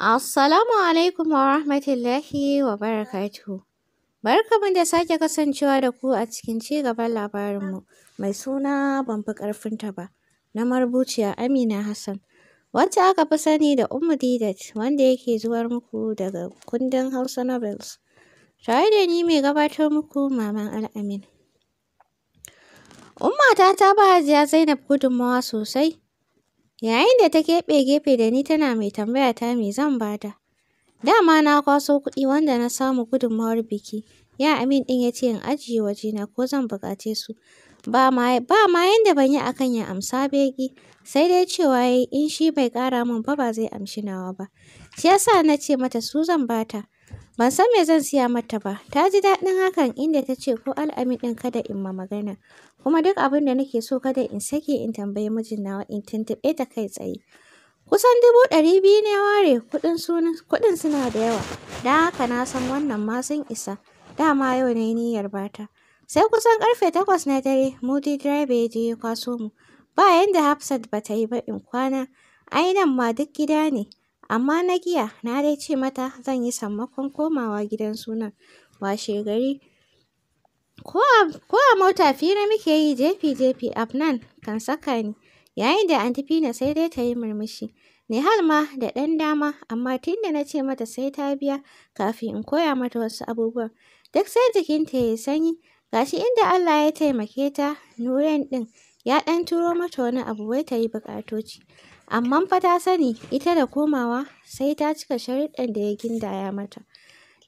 Assalamu alaikum wa rahmatullahi wa barakatuhu. Barkamu da sake kasancewa da ku a cikin ci gaban labarinmu mai suna ban fi ƙarfinta ba na marubuciya Amina Hassan. Wacce aka fi sani da Ummu Didat wanda yake zuwar muku daga kundin Hausa Novels. Tare da ni mai gabatar muku Maman Al'amin. Ummata ta ba Hajiya Zainab gudunmawa sosai. Yayin da ta keɓe gefe da ni tana mai tambaya ta me zan bada. Dama na kwaso kuɗi wanda na samu gudunmawar biki. Ya Amin ɗin ya ce in ajiye wajena ko zan buƙace su. Ba ma yanda ban yi akan ya amsa begi sai dai cewa ya in shi bai ƙara min ba ba zai amshi nawa ba. Shi ya na ce mata su zan bata. Ban san me zan siya mata ba. Ta ji daɗin hakan inda ta ce ko al'amin ɗin kada in ma magana. kuma duk abin da nake so kada in sake in tambayi mijin nawa in tuntuɓe ta kai tsaye kusan dubu ɗari biyu ne ware kuɗin suna da yawa da haka na san wannan ma sun isa dama yau na yi niyyar bata sai kusan karfe takwas na dare mudi driver ya je ya kwaso mu ba yanda hafsat ba ta yi ba in kwana ai nan ma duk gida ne amma na giya na dai ce mata zan yi sammakon komawa gidan sunan washe gari Ko a mota fira muke yi jefi-jefi Afnan kan saka ni, yayin da tafi na sai dai ta yi murmushi. Nihal ma da ɗan dama, amma tun da na ce mata sai ta biya kafin in koya mata wasu abubuwan, duk sai jikinta ya yi sanyi. Gashi inda Allah ya taimake ta, Nuren ɗin ya ɗan turo mata wani abu wai ta yi buƙatoci. amma fa ta sani ita da komawa sai ta cika sharuɗɗan da ya gindaya mata.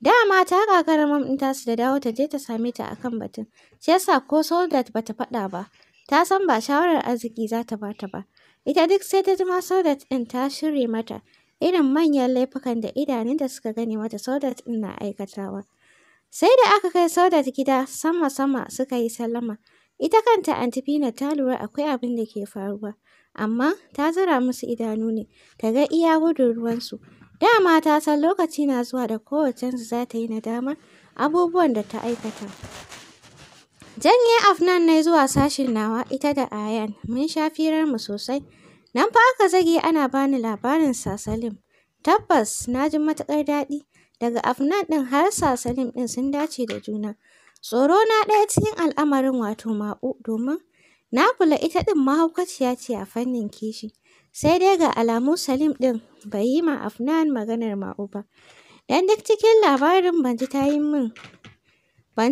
Dama ta gagara mam ta su da dawo ta je ta same ta akan batun. Shi yasa ko Soldat ta faɗa ba. Ta san ba shawarar arziki za ta bata ba. Ita duk sai ta zama ma Soldat ɗin ta shirya mata. Irin manyan laifukan da idanun da suka gani mata Soldat ɗin na aikatawa. Sai da aka kai Soldat gida sama-sama suka yi sallama. Ita kanta Aunty Peanut ta lura akwai abin da ke faruwa. Amma ta zura musu idanu ne ta ga iya gudun ruwansu. Dama ta san lokaci na zuwa da kowace za ta yi nadamar abubuwan da ta aikata. Janye Afnan na zuwa sashin nawa ita da Ayan, mun sha mu sosai. Nan fa aka zage ana bani labarin Sasalim. Tabbas na ji matuƙar daɗi. Daga Afnan ɗin har Sasalim ɗin sun dace da juna. Tsoro na ɗaya cikin al'amarin wato Ma'u domin na kula ita ɗin mahaukaciya ce a fannin kishi. Sai dai ga alamu Salim din bai yi ma Afnan maganar Ma'u ba. dan duk cikin labarin ban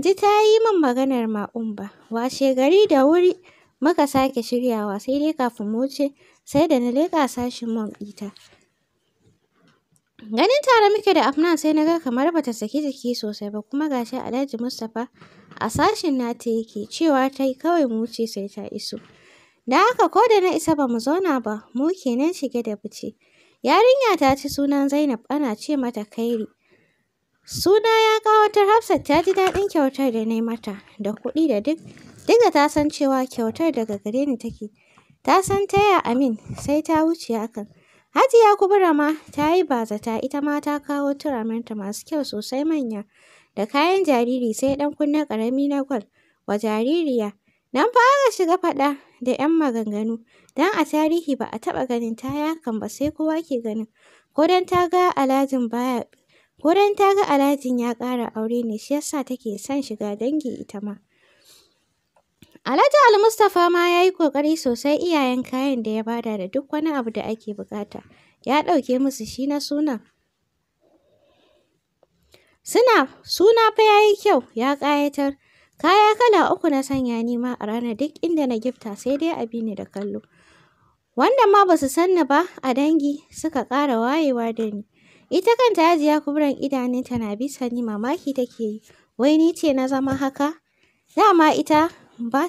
ji ta yi min maganar Ma'un ba. Washe gari da wuri muka sake shiryawa sai dai kafin mu ce, sai da na leƙa sashin mom ita Ganin tare muke da Afnan sai na ga kamar bata saki jiki sosai ba kuma gashi Alhaji Mustapha a sashin nata yake cewa ta yi kawai mu wuce sai ta iso. Da haka ko da na isa ba mu zauna ba, mu kenan shige da fice. Yarinya ta ci sunan Zainab ana ce mata Kairi. Suna ya kawatar Hafsat ta ji daɗin kyautar da na yi mata, da kuɗi da duk. Diga ta san cewa kyautar daga gare ni take. Ta san ta taya Amin sai ta wuce hakan. Hajiya Kubura ma ta yi bazata ita ma ta kawo turaminta masu kyau sosai manya. Da kayan jariri sai ɗan kunna ƙarami na gwal wa jaririya. Dan fara shiga faɗa da 'yan maganganu, dan a tarihi ba a taɓa ganin ta hakan ba sai kowa ke ganin ko don ta ga Alhajin ya ƙara aure ne shi ya take son shiga dangi ita ma. Alhaji Almustapha ma ya yi ƙoƙari sosai iyayen kayan da ya bada da duk wani abu da ake buƙata. Ya ɗauke musu shi na sunan. Suna, suna fa ya yi kyau, ya ƙayatar. Kaya kala uku na sanya ni ma a ranar duk inda na gifta sai dai a bi ni da kallo. Wanda ma ba su sanni ba a dangi suka ƙara wayewa da ni. Ita kanta Hajiya Kubran idanunta na bisa ni mamaki take yi. Wai ni ce na zama haka? Dama ita ba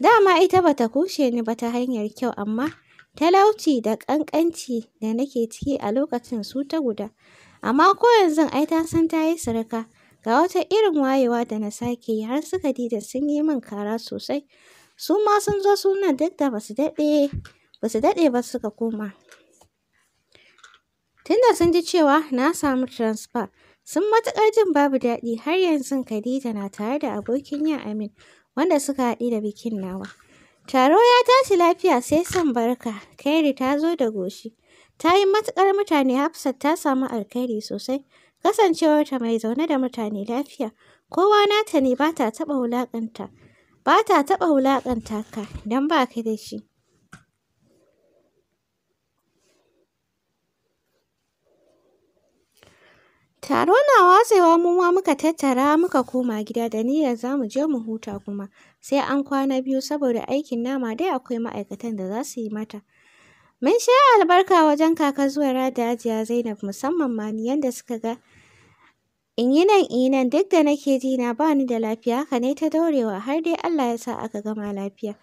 dama ita bata kushe ni ba ta hanyar kyau amma talauci da ƙanƙanci da nake ciki a lokacin su ta guda. Amma ko yanzu ai ta san ta yi sirka. Ga wata irin wayewa da na sake yi har su Khadija sun yi min kara sosai. Su ma sun zo sunan duk da ba su daɗe ba suka koma. Tunda sun ji cewa na samu transfer, sun matuƙar jin babu daɗi har yanzu Khadija na tare da abokin yin Amin wanda suka haɗu da bikin nawa. Taro ya tashi lafiya sai san barka, Kairi ta zo da goshi. Ta yi matuƙar mutane Hafsat ta samu alkhairi sosai. Kasancewar ta mai zaune da mutane lafiya, kowa nata ne ba ta taɓa wulaƙanta ba ta ka don ba ka da shi. Taro na watsewa mu ma muka tattara muka koma gida da niyyar za mu je mu huta kuma, sai an kwana biyu saboda aikin nama dai akwai ma'aikatan da za su yi mata. Mun sha albarka wajen kaka zuwa rada ajiya Zainab musamman ma ni yanda suka ga in yi nan in yi nan duk da nake ji na ba ni da lafiya haka ne ta daurewa har dai Allah ya sa aka gama lafiya.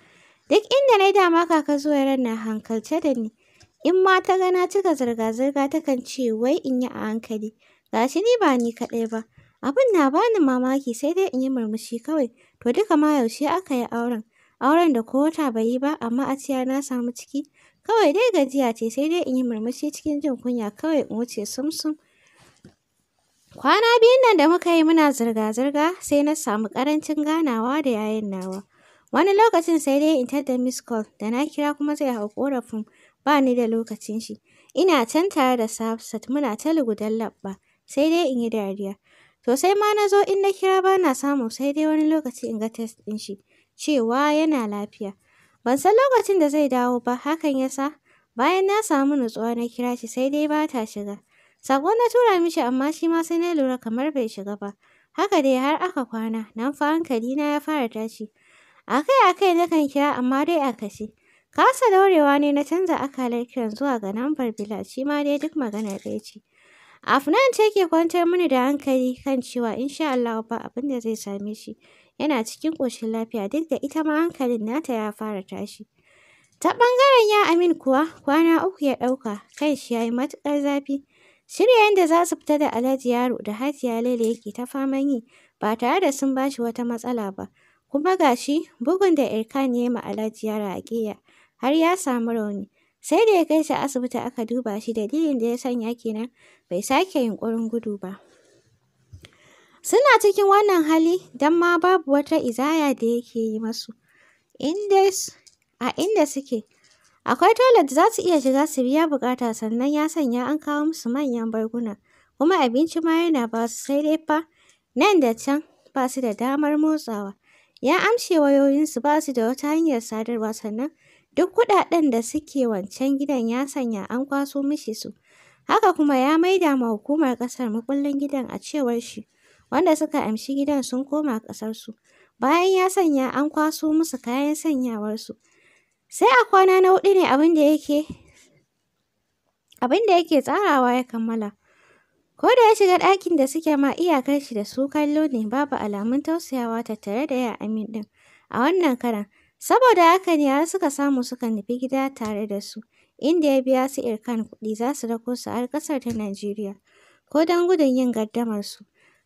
Duk inda na yi dama kaka ran na hankalce da ni. In ma ta ga na cika zirga-zirga takan ce wai in yi a hankali. Ga shi ni ba ni kaɗai ba. Abin na bani mamaki sai dai in yi murmushi kawai. To duka ma yaushe aka yi auren. Auren da ko wata bai yi ba amma a ciya na samu ciki. Kawai dai gajiya ce sai dai in yi murmushi cikin jin kunya kawai in wuce sumsum. Kwana biyun nan da muka yi muna zirga-zirga sai na samu ƙarancin ganawa da yayin nawa. Wani lokacin sai dai in tadda miss call da na kira kuma zai hau ƙorafin ba ni da lokacin shi. Ina can tare da Safsat muna ta lugudan labba sai dai in yi dariya. To sai ma na zo in na kira ba na samu sai dai wani lokaci in ga test ɗin shi cewa yana lafiya. Ban san lokacin da zai dawo ba, hakan ya sa bayan na samu nutsuwa na kira shi sai dai ba ta shiga. Sako na tura mishi amma shi ma sai na lura kamar bai shiga ba. Haka dai har aka kwana, nan fa hankali na ya fara tashi. Akai-akai kan kira amma dai a kashe. Kasa daurewa ne na canza akalar kiran zuwa ga nambar bila shi ma dai duk magana ɗaya ce. Afnan ce ke kwantar mini da hankali kan cewa insha Allah ba abin da zai same shi. yana cikin ƙoshin lafiya duk da ita ma hankalin nata ya fara tashi. Ta ɓangaren ya Amin kuwa kwana uku ya ɗauka kan shi ya yi matuƙar zafi. Shirya yadda za su fita da Alhaji Yaro da Hajiya Lele yake ta faman yi ba tare da sun bashi wata matsala ba. Kuma ga shi bugun da Irkan ya yi ma Alhaji Yaro a ƙiya har ya samu rauni. Sai da ya kai shi asibiti aka duba shi dalilin da ya sanya kenan bai sake yunƙurin gudu ba. Suna cikin wannan hali don ma babu wata izaya da yake yi masu. A inda suke, akwai toilet za su iya shiga su biya bukata sannan ya sanya an kawo musu manyan barguna. Kuma abinci ma yana ba su sai dai fa nan da can ba su da damar motsawa. Ya amshe wayoyinsu ba su da wata hanyar sadarwa sannan duk kuɗaɗen da suke wancan gidan ya sanya an kwaso mishi su. Haka kuma ya maida ma hukumar ƙasar makullin gidan a cewar shi. wanda suka amshi gidan sun koma ƙasarsu. Bayan ya sanya an kwaso musu kayan sanyawarsu. Sai a kwana na huɗu ne abin da yake abin da yake tsarawa ya kammala. Ko da ya shiga ɗakin da suke ma iyakar shi da su kallo ne babu alamun tausayawa tattare da ya amin ɗin a wannan karan. Saboda haka ne har suka samu suka nufi gida tare da su, inda ya biya su Irkan kuɗi za su rako su har ƙasar ta Najeriya, ko don gudun yin gardamar su.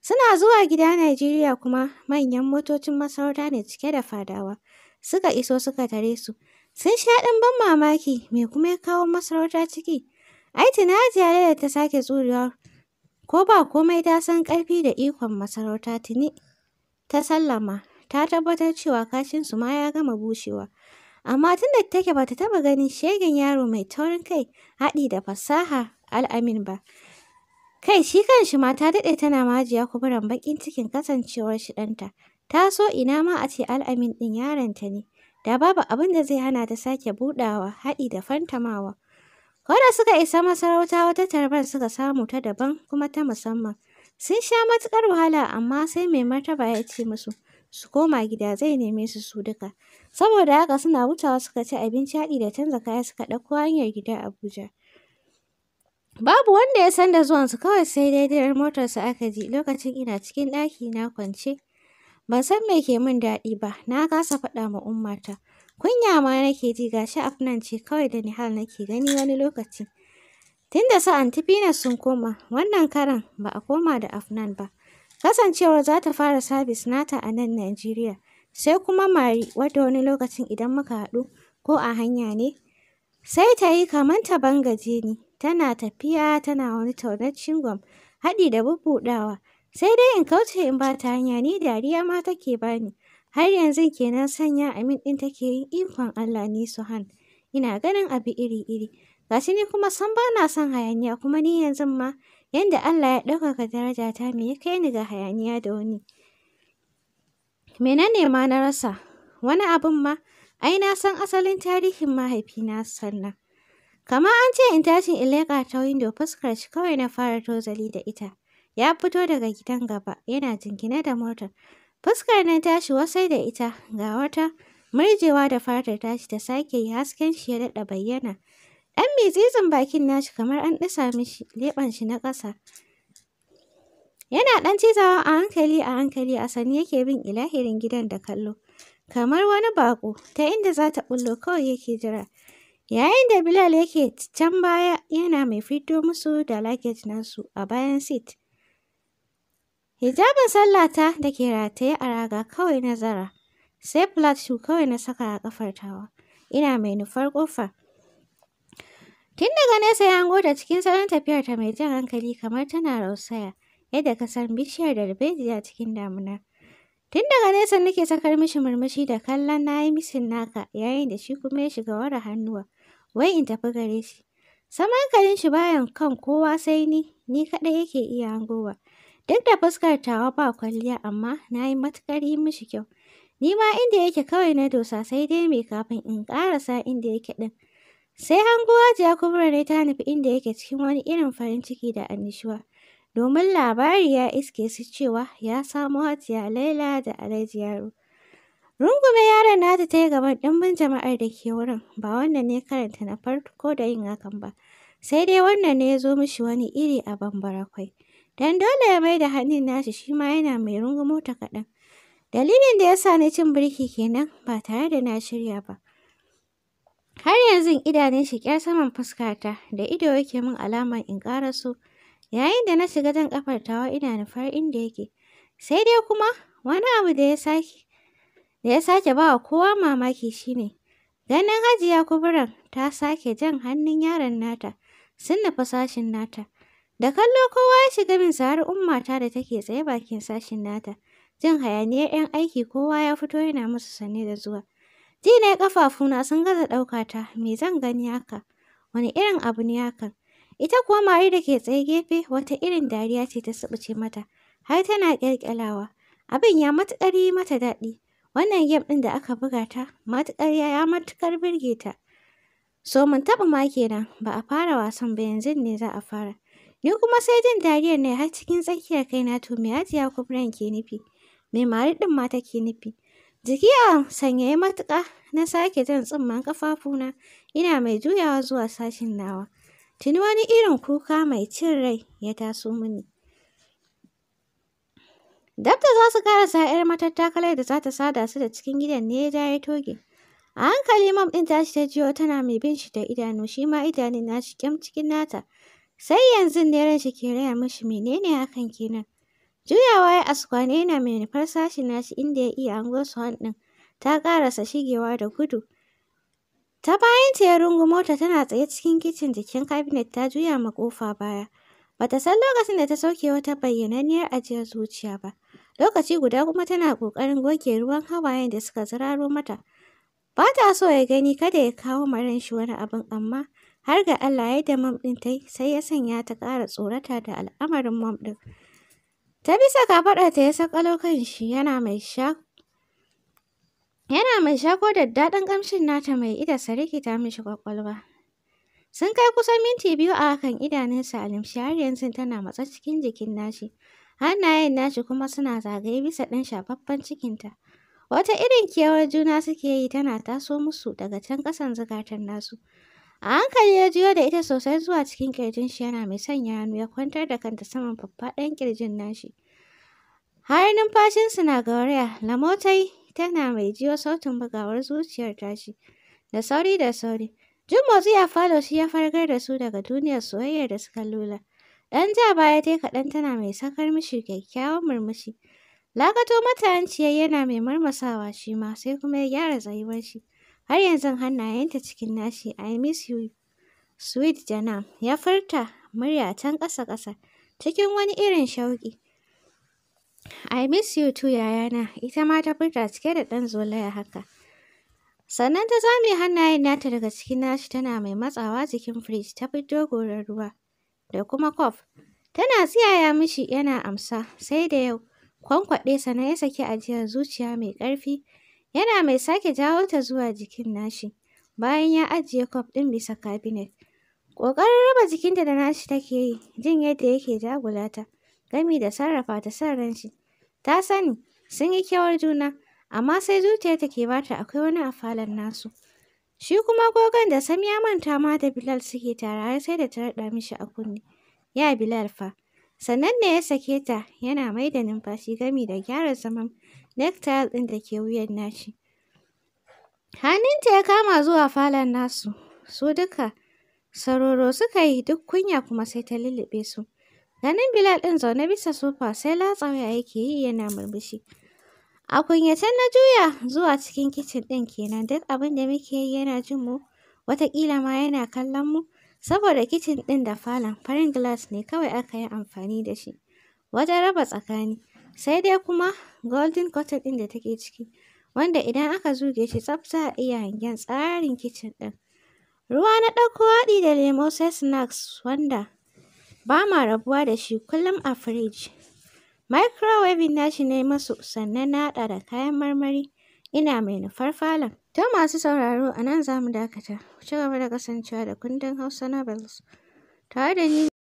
Suna zuwa gida Najeriya kuma manyan motocin masarauta ne cike da fadawa suka iso suka tare su. Sun sha ɗan ban mamaki me kuma ya kawo masarauta ciki? Ai tuna Hajiya da ta sake tsurewa ko ba komai ta san ƙarfi da ikon masarauta tuni. Ta sallama ta tabbatar cewa kashin su ma ya gama bushewa. Amma tun da take ba ta taɓa ganin shegen yaro mai taurin kai haɗi da fasaha al'amin ba. Kai shi kanshi ma ta daɗe tana majiya kuburan baƙin cikin kasancewar shi ɗanta. Ta so ina ma a ce al'amin ɗin yaronta ne. Da babu abin da zai hana ta sake buɗawa haɗi da fantamawa. Wanda suka isa masarauta wata tarban suka samu ta daban kuma ta musamman. Sun sha matuƙar wahala amma sai mai martaba ya ce musu su koma gida zai neme su su duka. Saboda haka suna wutawa suka ci abinci haɗi da canza kaya suka ɗauko hanyar gida Abuja. Babu wanda ya san da zuwansu kawai sai motar motarsa aka ji lokacin ina cikin ɗaki na kwance. Ban san me ke min daɗi ba, na kasa faɗa ma ummata. Kunya ma nake ji ga shi afnan ce kawai da Nihal nake gani wani lokaci. Tun da sa Antifina sun koma, wannan karan ba a koma da afnan ba. Kasancewar za ta fara sabis nata a nan Najeriya. Sai kuma Mari, wadda wani lokacin idan muka haɗu ko a hanya ne, sai ta yi kamar ta bangaje ni. Tana tafiya tana wani taunar shingon. haɗi da bubuɗawa. Sai dai in kauce in bata hanya ni dariya ma take bani. Har yanzu kenan sanya Amin ɗin take yin ikon Allah ni su han, Ina ganin abu iri-iri. Gashi ni kuma san ba na son hayaniya kuma ni yanzu ma yanda Allah ya ɗaukaka darajata me ya kai ni ga hayaniya da wani. Menene ma na rasa? Wani abin ma, ai na san asalin tarihin mahaifina sannan. Kamar an ce in tashi in leƙa ta windo fuskar shi kawai na fara tozali da ita. Ya fito daga gidan gaba yana jingine da motar. Fuskar na tashi wasai da ita ga wata murjewa da fatar tashi ta sake yi hasken shi ya daɗa bayyana. Ɗan mitsitsin bakin nashi kamar an ɗisa mishi leɓen shi na ƙasa. Yana ɗan cizawa a hankali a hankali a sani yake bin ilahirin gidan da kallo. Kamar wani baƙo ta inda za ta ɓullo kawai yake jira. Yayin da Bilal yake can baya yana mai fito musu da luggage nasu a bayan sit. Hijabin sallata da ke rataye a raga kawai na zara, sai flat kawai na saka a kafar tawa. Ina mai nufar ƙofa. Tun daga nesa ya hango da cikin salon tafiyar ta mai jan hankali kamar tana rausaya, yadda ka san bishiyar da rubejiya cikin damuna. Tun daga nesa nake sakar mishi murmushi da kallon na yi misin naka yayin da shi kuma ya shiga wara hannuwa. wai in tafi gare shi. Saman hankalin shi bayan kan kowa sai ni, ni kaɗai yake iya hangowa. Duk da fuskar tawa ba kwalliya amma na yi matuƙar yi mishi kyau. Ni ma inda yake kawai na dosa sai dai mai kafin in ƙarasa inda yake ɗin. Sai hangowa ya Kubra ne ta nufi inda yake cikin wani irin farin ciki da annishuwa. Domin labari ya iske su cewa ya samo Hajiya Laila da Alhaji Yaro. Rungume yaron nata ta yi gaban ɗimbin jama'ar da ke wurin, ba wannan ne karanta na farko da yin hakan ba, sai dai wannan ne ya zo mishi wani iri a bambarakwai. Don dole ya mai da hannun nashi shi ma yana mai rungumo ta kaɗan. Dalilin da ya sa ni cin birki kenan ba tare da na shirya ba. Har yanzu idanun shi ƙyar saman fuskata da ido yake min alamar in ƙara so. Yayin da na shiga jan ƙafar tawa ina nufar inda yake. Sai dai kuma wani abu da ya sake Da ya sake ba wa kowa mamaki shi ne, ganin Hajiya Kuburan ta sake jan hannun yaron nata, sun nufi sashin nata. Da kallo kowa ya shiga min sahar ummata da take tsaye bakin sashin nata. Jin hayaniyar 'yan aiki kowa ya fito yana musu sanne da zuwa. Ji na kafafuna sun gaza ɗauka ta, me zan gani haka? Wani irin abu ne hakan? Ita kuwa mari da ke tsaye gefe wata irin dariya ce ta subuce mata, har tana ƙyalƙyalawa. Abin ya matuƙar yi mata daɗi. Wannan game ɗin da aka buga ta matuƙar ya matuƙar birge ta. So mun taɓa ma kenan ba a fara wasan ba yanzu ne za a fara. Ni kuma sai jin dariyar ne har cikin tsakiyar kaina to me Hajiya Kubran ke nufi? Me mari ɗin ma take nufi? Jiki a sanyaye matuƙa na sake jan tsimman ƙafafuna ina mai juyawa zuwa sashin nawa. Tuni wani irin kuka mai cin rai ya taso mini. Dabta za su karasa ‘yar matattakalai da za ta sada su da cikin gidan ne ya ya toge. A hankali mam ɗin tashi ta jiyo tana mai bin shi da idanu shi ma idanun nashi kyam cikin nata. Sai yanzu ne ran shi ke raya mishi menene hakan kenan. Juyawa ya askwane yana mai nufar sashi nashi inda ya iya hango su ɗin. Ta ƙarasa shigewa da gudu. Ta bayan ta ya rungu mota tana tsaye cikin kicin jikin kabinet ta juya ma kofa baya. Bata san lokacin da ta sauke wata bayyananniyar ajiyar zuciya ba. Lokaci guda kuma tana ƙoƙarin goge ruwan hawayen da suka zararo mata. Ba ta so ya gani kada ya kawo marin shi wani abin amma har ga Allah da mam ɗin tai sai ya sanya ta ƙara tsorata da al'amarin mam ɗin. Ta bisa kafaɗa ta ya sakalo kan shi yana mai sha yana mai shako da daɗin ƙamshin nata mai ida sariki ta mishi ƙwaƙwalwa. Sun kai kusan minti biyu a hakan idanunsa a limshe har yanzu tana matsa cikin jikin nashi. Hannayen nashi kuma suna zagaye bisa ɗan shafaffen cikinta. Wata irin kewar juna suke yi tana taso musu daga can ƙasan zukatan nasu. A hankali ya jiyo da ita sosai zuwa cikin ƙirjin shi yana mai sanya hannu ya kwantar da kanta saman faffaɗan ƙirjin nashi. Har numfashinsu na gauraya, Lamotai tana mai jiyo sautin bugawar zuciyar tashi. Da sauri da sauri. Jin motsi a falo shi ya fargar da su daga duniyar soyayyar da suka lula. Ɗan ja baya dai kaɗan tana mai sakar mishi kyakkyawan murmushi. Lakato mata hanciyar yana mai marmasawa shi ma sai kuma ya gyara tsayuwar shi. Har yanzu hannayenta cikin nashi I miss you sweet Janam ya furta murya can ƙasa-ƙasa cikin wani irin shauƙi. I miss you too yayana ita ma ta furta cike da ɗan zolaya haka. Sannan ta zame hannayen nata daga cikin nashi tana mai matsawa jikin firij ta fi gorar ruwa da kuma kof. Tana tsiyaya mishi yana amsa sai da yau kwankwaɗe sana ya saki ajiyar zuciya mai ƙarfi yana mai sake jawo ta zuwa jikin nashi bayan ya ajiye kof ɗin bisa kabinet. Ƙoƙarin raba jikinta da nashi take yi jin yadda yake jagula ta gami da sarrafa ta son ranshi. Ta sani sun yi kyawar juna. amma sai ta ke bata akwai wani a falon nasu. Shi kuma gogon da sam ya manta ma da Bilal suke tare har sai da ta raɗa mishi a kunne. Ya Bilal fa, sannan ne ya sake ta yana mai da numfashi gami da gyara zaman nektar ɗin da ke wuyan nashi. Hannunta ya kama zuwa falon nasu, su duka saroro suka yi duk kunya kuma sai ta lulluɓe su. Ganin Bilal ɗin zaune bisa sofa sai latsawa yake yi yana murmushi. A can na juya zuwa cikin kicin ɗin kenan duk abin da muke yi yana jin mu, wataƙila ma yana kallon mu, saboda kicin ɗin da falon farin glass ne kawai aka yi amfani da shi wajen raba tsakani. Sai dai kuma golden curtain ɗin da take ciki, wanda idan aka zuge shi tsafta za iya hangen tsarin kicin ɗin. Ruwa na ɗauko haɗi da lemo sai snacks wanda ba ma rabuwa da shi kullum a firij. Microwaving na shi ne masu sannan na haɗa da kayan marmari, ina mai nufar falon. To masu sauraro a nan za mu dakata. Ku ci gaba da kasancewa da kundin Hausa Novels tare da ni.